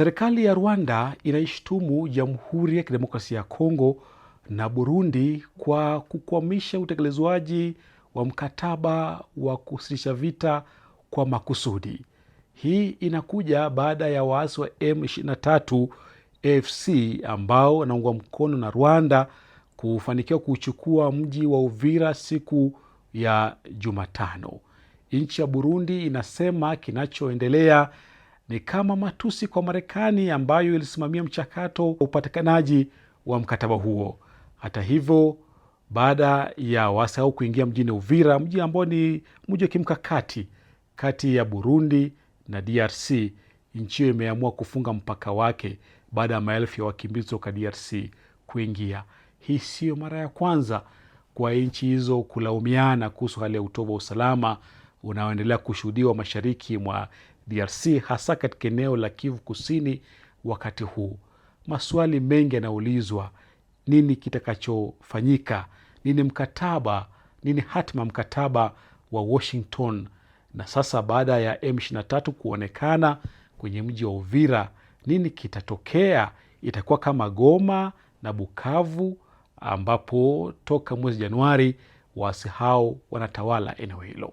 Serikali ya Rwanda inaishtumu Jamhuri ya Kidemokrasia ya Kongo na Burundi kwa kukwamisha utekelezwaji wa mkataba wa kusitisha vita kwa makusudi. Hii inakuja baada ya waasi wa M23 AFC ambao wanaungwa mkono na Rwanda kufanikiwa kuchukua mji wa Uvira siku ya Jumatano. Nchi ya Burundi inasema kinachoendelea ni kama matusi kwa Marekani ambayo ilisimamia mchakato wa upatikanaji wa mkataba huo. Hata hivyo, baada ya waasi hao kuingia mjini Uvira, mji ambao ni mji wa kimkakati kati ya Burundi na DRC, nchi hiyo imeamua kufunga mpaka wake baada ya maelfu ya wakimbizi kutoka DRC kuingia. Hii siyo mara ya kwanza kwa nchi hizo kulaumiana kuhusu hali ya utovu wa usalama unaoendelea kushuhudiwa mashariki mwa DRC hasa katika eneo la Kivu Kusini wakati huu. Maswali mengi yanaulizwa, nini kitakachofanyika? Nini mkataba, nini hatima mkataba wa Washington? Na sasa baada ya M23 kuonekana kwenye mji wa Uvira, nini kitatokea? Itakuwa kama Goma na Bukavu ambapo toka mwezi Januari waasi hao wanatawala eneo hilo.